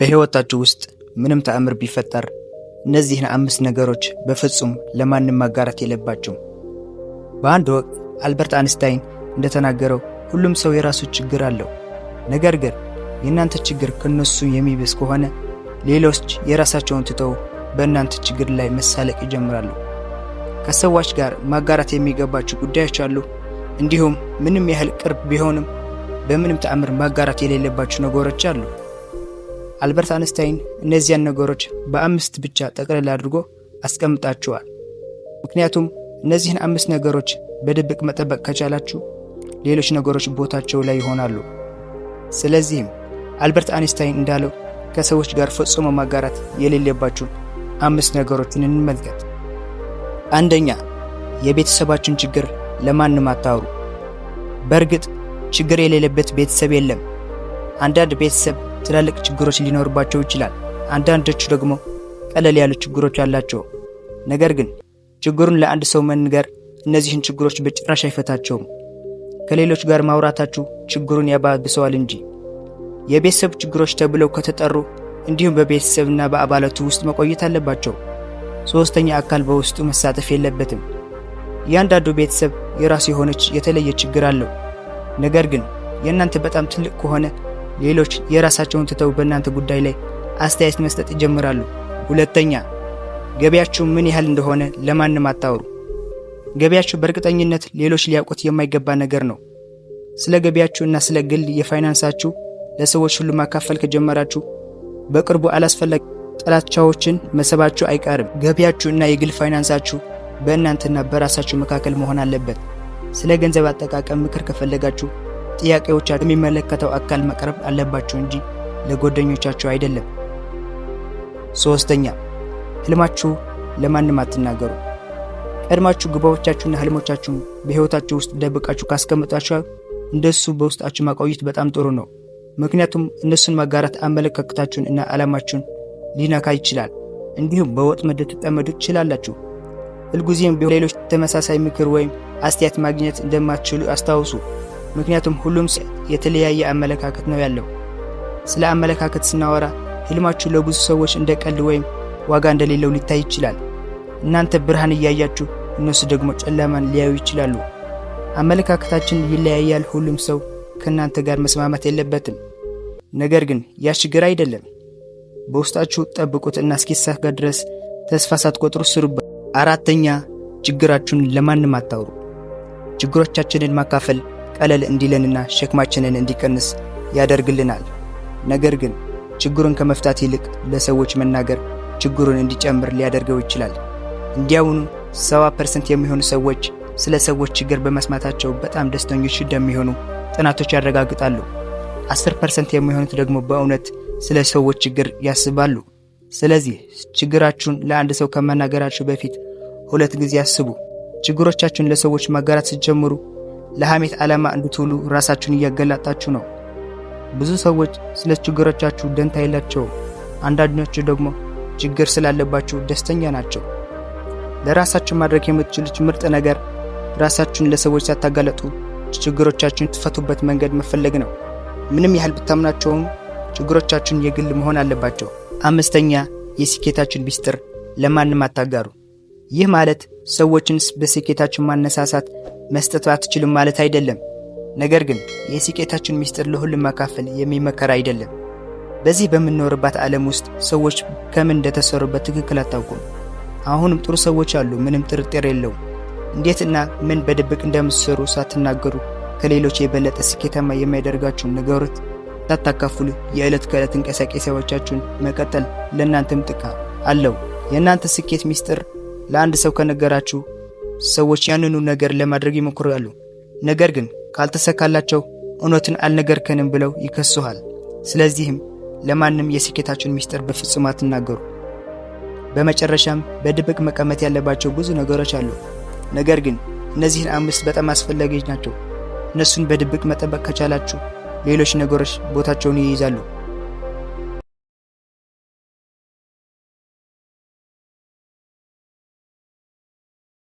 በሕይወታችሁ ውስጥ ምንም ተአምር ቢፈጠር እነዚህን አምስት ነገሮች በፍጹም ለማንም ማጋራት የለባችሁም። በአንድ ወቅት አልበርት አንስታይን እንደተናገረው ሁሉም ሰው የራሱ ችግር አለው። ነገር ግን የእናንተ ችግር ከእነሱ የሚብስ ከሆነ ሌሎች የራሳቸውን ትተው በእናንተ ችግር ላይ መሳለቅ ይጀምራሉ። ከሰዎች ጋር ማጋራት የሚገባችሁ ጉዳዮች አሉ። እንዲሁም ምንም ያህል ቅርብ ቢሆንም በምንም ተአምር ማጋራት የሌለባችሁ ነገሮች አሉ። አልበርት አንስታይን እነዚያን ነገሮች በአምስት ብቻ ጠቅልል አድርጎ አስቀምጣችኋል። ምክንያቱም እነዚህን አምስት ነገሮች በድብቅ መጠበቅ ከቻላችሁ ሌሎች ነገሮች ቦታቸው ላይ ይሆናሉ። ስለዚህም አልበርት አንስታይን እንዳለው ከሰዎች ጋር ፈጽሞ ማጋራት የሌለባችሁን አምስት ነገሮችን እንመልከት። አንደኛ፣ የቤተሰባችን ችግር ለማንም አታውሩ። በእርግጥ ችግር የሌለበት ቤተሰብ የለም። አንዳንድ ቤተሰብ ትላልቅ ችግሮች ሊኖርባቸው ይችላል። አንዳንዶቹ ደግሞ ቀለል ያሉ ችግሮች አላቸው። ነገር ግን ችግሩን ለአንድ ሰው መንገር እነዚህን ችግሮች በጭራሽ አይፈታቸውም። ከሌሎች ጋር ማውራታችሁ ችግሩን ያባብሰዋል እንጂ። የቤተሰብ ችግሮች ተብለው ከተጠሩ እንዲሁም በቤተሰብና በአባላቱ ውስጥ መቆየት አለባቸው። ሦስተኛ አካል በውስጡ መሳተፍ የለበትም። እያንዳንዱ ቤተሰብ የራሱ የሆነች የተለየ ችግር አለው። ነገር ግን የእናንተ በጣም ትልቅ ከሆነ ሌሎች የራሳቸውን ትተው በእናንተ ጉዳይ ላይ አስተያየት መስጠት ይጀምራሉ። ሁለተኛ ገቢያችሁ ምን ያህል እንደሆነ ለማንም አታውሩ። ገቢያችሁ በእርግጠኝነት ሌሎች ሊያውቁት የማይገባ ነገር ነው። ስለ ገቢያችሁ እና ስለ ግል የፋይናንሳችሁ ለሰዎች ሁሉ ማካፈል ከጀመራችሁ በቅርቡ አላስፈላጊ ጥላቻዎችን መሰባችሁ አይቀርም። ገቢያችሁ እና የግል ፋይናንሳችሁ በእናንተና በራሳችሁ መካከል መሆን አለበት። ስለ ገንዘብ አጠቃቀም ምክር ከፈለጋችሁ ጥያቄዎች የሚመለከተው አካል መቅረብ አለባቸው እንጂ ለጓደኞቻቸው አይደለም። ሶስተኛ ህልማችሁ ለማንም አትናገሩ። ቀድማችሁ ግባዎቻችሁና ህልሞቻችሁን በህይወታችሁ ውስጥ ደብቃችሁ ካስቀመጣችሁ እንደሱ በውስጣችሁ ማቆየት በጣም ጥሩ ነው። ምክንያቱም እነሱን መጋራት አመለካከታችሁን እና ዓላማችሁን ሊነካ ይችላል። እንዲሁም በወጥመድ ልትጠመዱ ትችላላችሁ። ሁልጊዜም ሌሎች ተመሳሳይ ምክር ወይም አስተያየት ማግኘት እንደማትችሉ አስታውሱ። ምክንያቱም ሁሉም የተለያየ አመለካከት ነው ያለው። ስለ አመለካከት ስናወራ ህልማችሁ ለብዙ ሰዎች እንደ ቀልድ ወይም ዋጋ እንደሌለው ሊታይ ይችላል። እናንተ ብርሃን እያያችሁ፣ እነሱ ደግሞ ጨለማን ሊያዩ ይችላሉ። አመለካከታችን ይለያያል። ሁሉም ሰው ከእናንተ ጋር መስማማት የለበትም። ነገር ግን ያ ችግር አይደለም። በውስጣችሁ ጠብቁት እና እስኪሳካ ድረስ ተስፋ ሳትቆጥሩ ስሩበት። አራተኛ ችግራችሁን ለማንም አታውሩ። ችግሮቻችንን ማካፈል ቀለል እንዲለንና ሸክማችንን እንዲቀንስ ያደርግልናል። ነገር ግን ችግሩን ከመፍታት ይልቅ ለሰዎች መናገር ችግሩን እንዲጨምር ሊያደርገው ይችላል። እንዲያውኑ 70% የሚሆኑ ሰዎች ስለ ሰዎች ችግር በመስማታቸው በጣም ደስተኞች እንደሚሆኑ ጥናቶች ያረጋግጣሉ። 10% የሚሆኑት ደግሞ በእውነት ስለ ሰዎች ችግር ያስባሉ። ስለዚህ ችግራችሁን ለአንድ ሰው ከመናገራችሁ በፊት ሁለት ጊዜ አስቡ። ችግሮቻችሁን ለሰዎች ማጋራት ስትጀምሩ ለሐሜት ዓላማ እንድትውሉ ራሳችሁን እያገላጣችሁ ነው። ብዙ ሰዎች ስለ ችግሮቻችሁ ደንታ የላቸው፣ አንዳንዶቹ ደግሞ ችግር ስላለባችሁ ደስተኛ ናቸው። ለራሳችሁ ማድረግ የምትችሉት ምርጥ ነገር ራሳችሁን ለሰዎች ሳታጋለጡ ችግሮቻችሁን ትፈቱበት መንገድ መፈለግ ነው። ምንም ያህል ብታምናቸውም ችግሮቻችሁን የግል መሆን አለባቸው። አምስተኛ የስኬታችን ሚስጥር ለማንም አታጋሩ። ይህ ማለት ሰዎችን በስኬታችን ማነሳሳት መስጠት አትችልም ማለት አይደለም። ነገር ግን የስኬታችን ምስጢር ለሁሉም ማካፈል የሚመከር አይደለም። በዚህ በምንኖርባት ዓለም ውስጥ ሰዎች ከምን እንደተሰሩ በትክክል አታውቁም። አሁንም ጥሩ ሰዎች አሉ፣ ምንም ጥርጥር የለውም። እንዴትና ምን በድብቅ እንደምትሰሩ ሳትናገሩ ከሌሎች የበለጠ ስኬታማ የሚያደርጋችሁን ነገሮች ሳታካፍሉ የዕለት ከዕለት እንቅስቃሴዎቻችሁን መቀጠል ለእናንተም ጥቅም አለው። የእናንተ ስኬት ምስጢር ለአንድ ሰው ከነገራችሁ ሰዎች ያንኑ ነገር ለማድረግ ይሞክራሉ። ነገር ግን ካልተሰካላቸው እውነትን አልነገርከንም ብለው ይከሱሃል። ስለዚህም ለማንም የስኬታችን ሚስጥር በፍጹም አትናገሩ። በመጨረሻም በድብቅ መቀመጥ ያለባቸው ብዙ ነገሮች አሉ። ነገር ግን እነዚህን አምስት በጣም አስፈላጊዎች ናቸው። እነሱን በድብቅ መጠበቅ ከቻላችሁ ሌሎች ነገሮች ቦታቸውን ይይዛሉ።